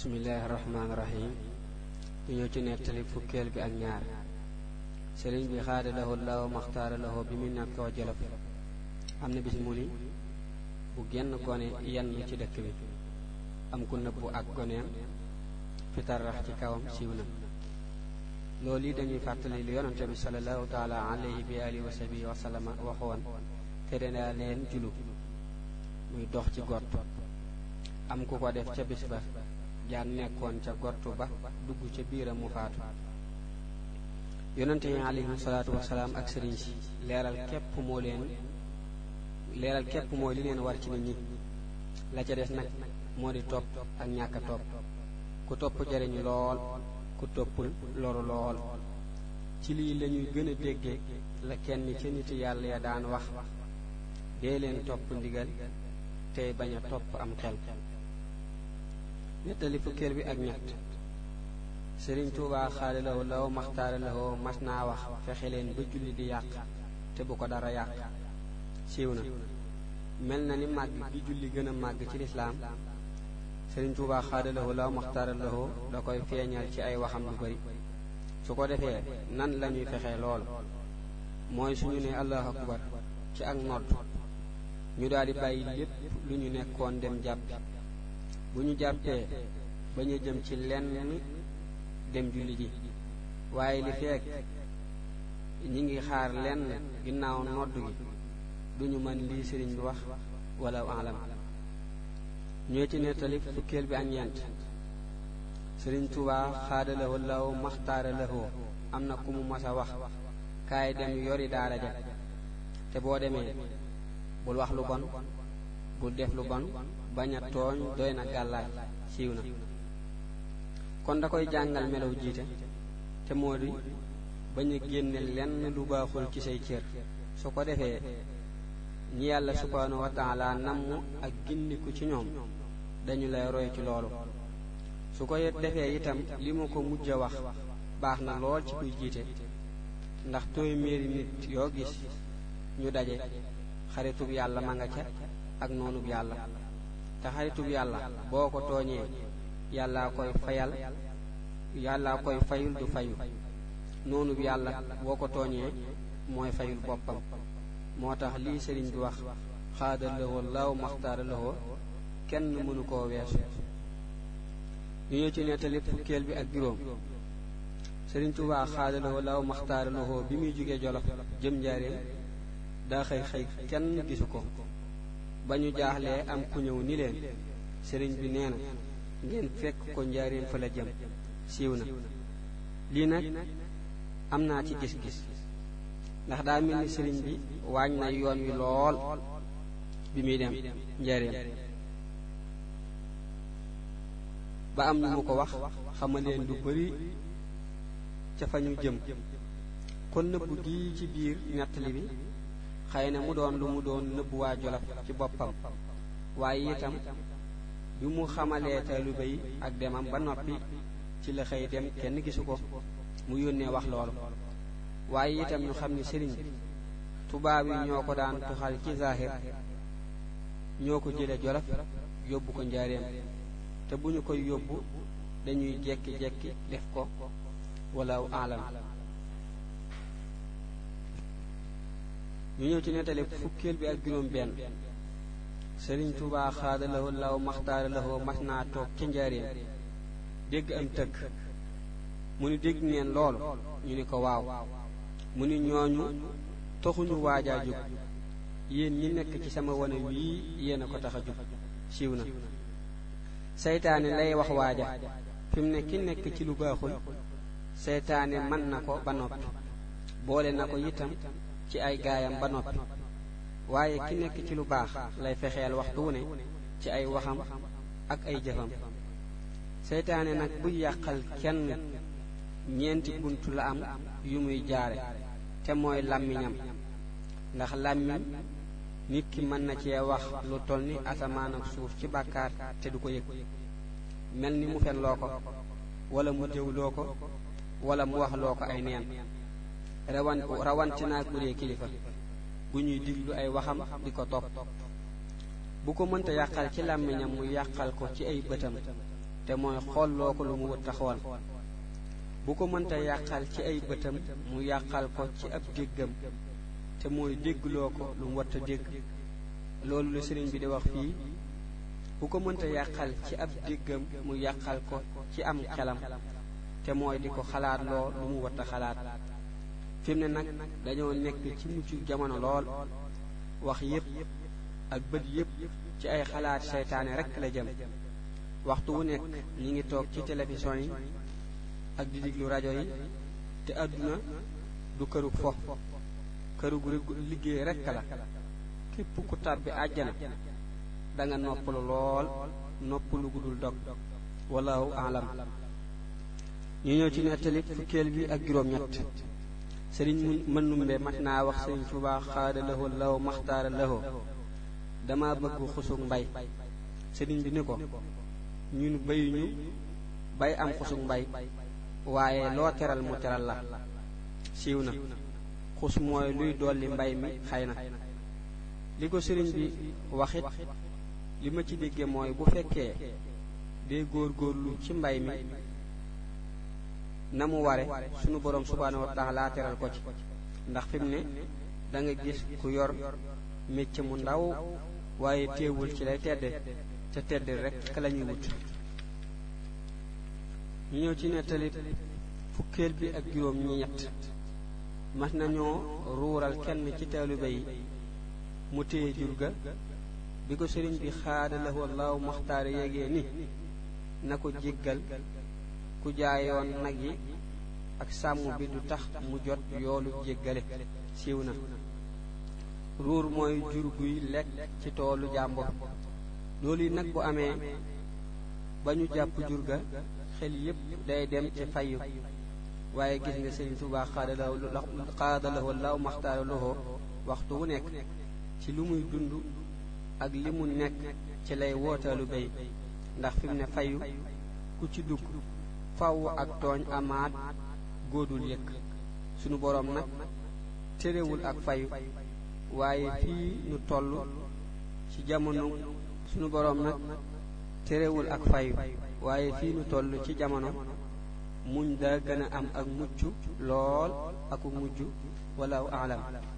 bismillahi rahmaani rahim ñu ñëw ci nettali fukkeel bi ak ñaar sëriñ bi xaada lahu law maxtaara lahu bi mu nekkoo jolof am na bis mu bu genn gone yenn ci dëkk bi am ku nëbbu ak goneem fitarrax ci kawam siiw na loolu yi dañuy fàttali lu yonante bi sallallahu taala alayhi bi alihi wa waxoon tere naa leen julu muy dox ci gott am ku ko def ca bis ba jaan nekkoon ca gortu ba dugg ca biir a faatu yonente yi alayhim ak sëriñ si leeral képp moo leen leeral képp mooy li leen war ci nit ñi la ca des nag moo di topp ak ñàkk a topp ku topp jariñu lool ku toppul loru lool ci lii lañuy ñuy gën a déggee la kenn ca niti yàlla ya daan wax dee leen topp ndigal tey bañ a topp am xel nettali fukkeel bi ak ñett sëriñ tuubaa xaali law law mas naa wax fexe leen ba julli di yàq te bu ko dara yàq siiw na mel na ni màgg gi julli gën a màgg ci lislaam sëriñ tuubaa xaali law law da koy feeñal ci ay waxam yu bari su ko defee nan lañuy fexe lool mooy suñu ne allahu akbar ci ak nodd ñu daal di bàyyi lu ñu nekkoon dem jàpp bu ñu jàppee ba ñu jëm ci lenn dem julli ji waaye li feek ñi ngi xaar lenn ginnaaw nodd gi duñu mën lii sëriñ bi wax wala alam ñoo ci nettali fukkeel bi ak ñeent sëriñ tubaa xaadala wallaaw maxtaara lahoo am na ku mu mas wax kaay dem yori daara ja te boo demee bul wax lu bon bul def lu bon bañ na gàllaaj siiw na kon da koy jàngal melaw jiite te moo di bañ a génne lenn lu baaxul ci say cër su ko defee ñi yàlla subhaanahu wa namm ak gindiku ci ñoom dañu lay roy ci loolu su ko defee itam li mu ko mujj a wax baax na lool ci kuy jiite ndax téeméeri nit yoo gis ñu daje xaritub yàlla ma nga ca ak noonub yàlla te xaritub yàlla boo ko tooñee yàllaa koy fayal yàllaa koy fayul du fayu noonu bi yàlla boo ko tooñee mooy fayul boppam moo tax lii sëriñ bi wax xaada lawoo laaw maxtaara lawoo kenn mënu koo weesu ñu ñëw ci nettali fukkeel bi ak juróom sëriñ Tuubaa xaada lawoo laaw maxtaara lawoo bi muy jógee Jolof jëm njaaréem daa xëy xëy kenn gisu ko ba ñu jaaxlee am ku ñëw ni leen sëriñ bi nee na ngeen fekk ko njaareem fa la jëm siiw na lii nag am naa ci gis-gis ndax daa mel ni sëriñ bi waañ na yoon wi lool bi muy dem njaareem ba am ñu mu ko wax xamaleen lu bari ca fa ñu jëm kon nëbbu gii ci biir nettali bi xëy na mu doon lu mu doon nëbb waa jolof ci boppam waaye itam bi mu xamalee taalibe yi ak demam ba noppi ci la xëy dem kenn gisu ko mu yónnee wax loolu waaye itam ñu xam ni sëriñ bi tubaab yi ñoo ko daan tuxal ci zahir ñoo ko jële jolof yóbbu ko njaareem te bu ñu koy yóbbu dañuy jekki-jekki def ko wala aalam ñu ñëw ci nettali fukkeel bi ak juróom benn sëriñ Tuubaa xaada lahoo law maxtaara mas naa toog ca njaareem dégg am tëkk mu ni dégg ngeen loolu ñu ni ko waaw mu ni ñooñu taxuñu waajaa jóg yéen ñi nekk ci sama wane wii yéen a ko tax a jóg siiw na seytaane lay wax waaja fi mu ne ki nekk ci lu baaxul seytaane mën na ko ba noppi boole na ko itam ci ay gaayam ba noppi waaye ki nekk ci lu baax lay fexeel waxtu wu ne ci ay waxam ak ay jëfam seytaane nag buy yàqal kenn ñeenti bunt la am yu muy jaare te mooy làmmiñam ndax làmmiñ nit ki mën na cee wax lu toll ni asamaan ak suuf ci bàkkaar te du ko yëg mel ni mu fen loo ko wala mu jëw loo ko wala mu wax loo ko ay neen rawan rawantinaa kurée kilifa bu ñuy diglu ay waxam di ko topp bu ko mënta yàqal ci làmmiñam mu yàqal ko ci ay bëtam te mooy xool loo ko lu mu wut taxool bu ko mënta yàqal ci ay bëtam mu yàqal ko ci ab déggam te mooy déggloo ko lu mu warta dégg loolu la sëriñ bi di wax fii bu ko mënta yàqal ci ab déggam mu yàqal ko ci am xelam te mooy di ko xalaat loo lu mu warta xalaat fi mu ne nag dañoo nekk ci mu mucc jamono lool wax yépp ak bët yépp ci ay xalaat seytaane rekk la jëm waxtu wu nekk ñi ngi toog ci télévision yi ak di diglu rajo yi te àdduna du kërug fo kërug liggéey rekk la képp ku tàbbi àjjana da nga noppalu lool noppalu gudul dog wallahu alam ñu ñëw ci nettali fukkeel bi ak juróom-ñett sëriñ mënumbe mat naa wax sëriñ Tuubaa xaada lahu law maxtaara lahu dama bëgg xusug mbay sëriñ bi ni ko ñun bayuñu bay am xusug mbay waaye loo teral mu teral la siiw na xus mooy luy dolli mbay mi xay na li ko sëriñ bi waxit li ma ci dégge mooy bu fekkee dee góor góorlu ci mbay mi na mu ware sunu borom subhaanahu wa taala ko ci ndax fi mu ne da nga gis ku yor mecc mu ndaw waaye téewul ci lay tedde ca tedde rek ka wut ñu ñëw ci nettali fukkeel bi ak juróom ñi ñett mas nañoo ruural kenn ci taalibe yi mu téye jur ga bi ko sëriñ bi xaada lahu maxtaar yégee ni na ko jéggal ku jaayoon nag yi ak sàmm bi du tax mu jot yoolu jéggale siiw na ruur mooy jur guy lekk ci toolu jàmbur loolu yi nag bu amee ba ñu jàpp jur ga xel yépp day dem ci fayu waaye gis nga Sëriñ Tuubaa xaadalawoo law maxtaara loxo waxtu wu nekk ci lu muy dund ak li mu nekk ci lay wootaalu bay ndax fi mu ne fayu ku ci dugg fàww ak tooñ amaat góodul yëkk sunu boroom nag terewul ak fayu waaye fii nu toll ci jamono sunu ak fayu waaye fii nu toll ci jamono muñ daa gën a am ak mucc lool aku mujj wallahu aalam